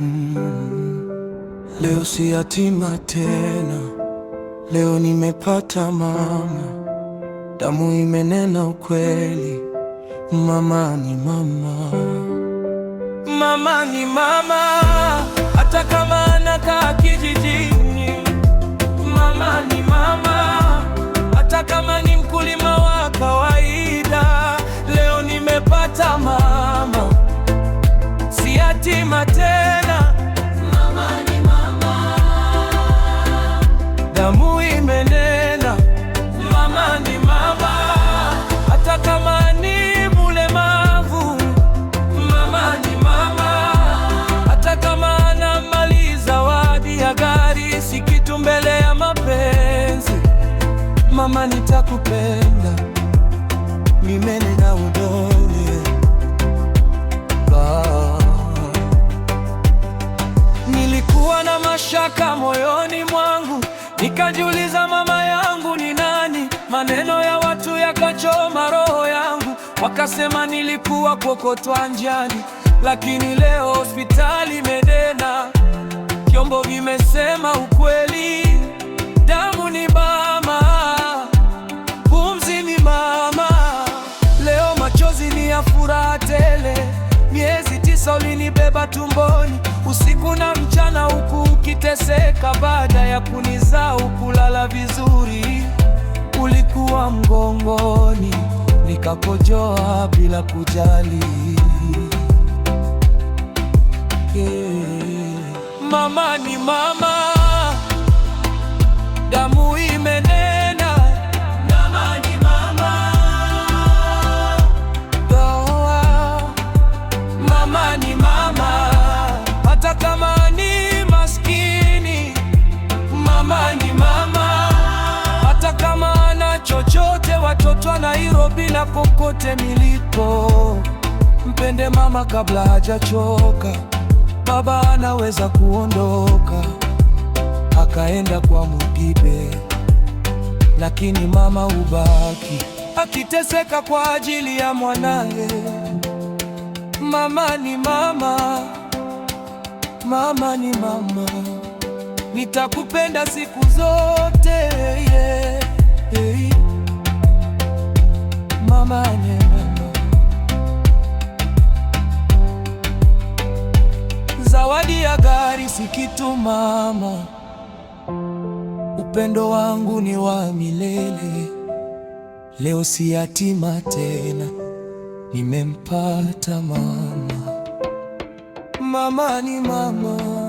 Mm. Leo si yatima tena, leo nimepata mama. Damu imenena ukweli, mama ni mama, mama ni mama, hata kama anakaa yatima tena. Mama ni mama, damu imenena. Mama ni mama, hata kama ni mulemavu. Mama ni mama, hata kama mali wadi ya gari, si kitu mbele ya mapenzi. Mama, nitakupenda mimene na milele Nikajiuliza, mama yangu ni nani? Maneno ya watu yakachoma roho yangu, wakasema nilikuwa kokotwa njiani, lakini leo hospitali imenena, vyombo vimesema ukweli. Damu ni mama, pumzi ni mama. Leo machozi ni ya furaha tele. Miezi tisa ulinibeba tumboni usiku na Kuteseka baada ya kunizau, kulala vizuri, ulikuwa mgongoni, nikakojoa bila kujali Mama ni mama watoto wa Nairobi na kokote milipo, mpende mama kabla hajachoka. Baba anaweza kuondoka akaenda kwa Mugibe, lakini mama ubaki akiteseka kwa ajili ya mwanaye. Mama ni mama, mama ni mama, nitakupenda siku zote. ya gari si kitu mama, upendo wangu ni wa milele. Leo si yatima tena, nimempata mama. Mama ni mama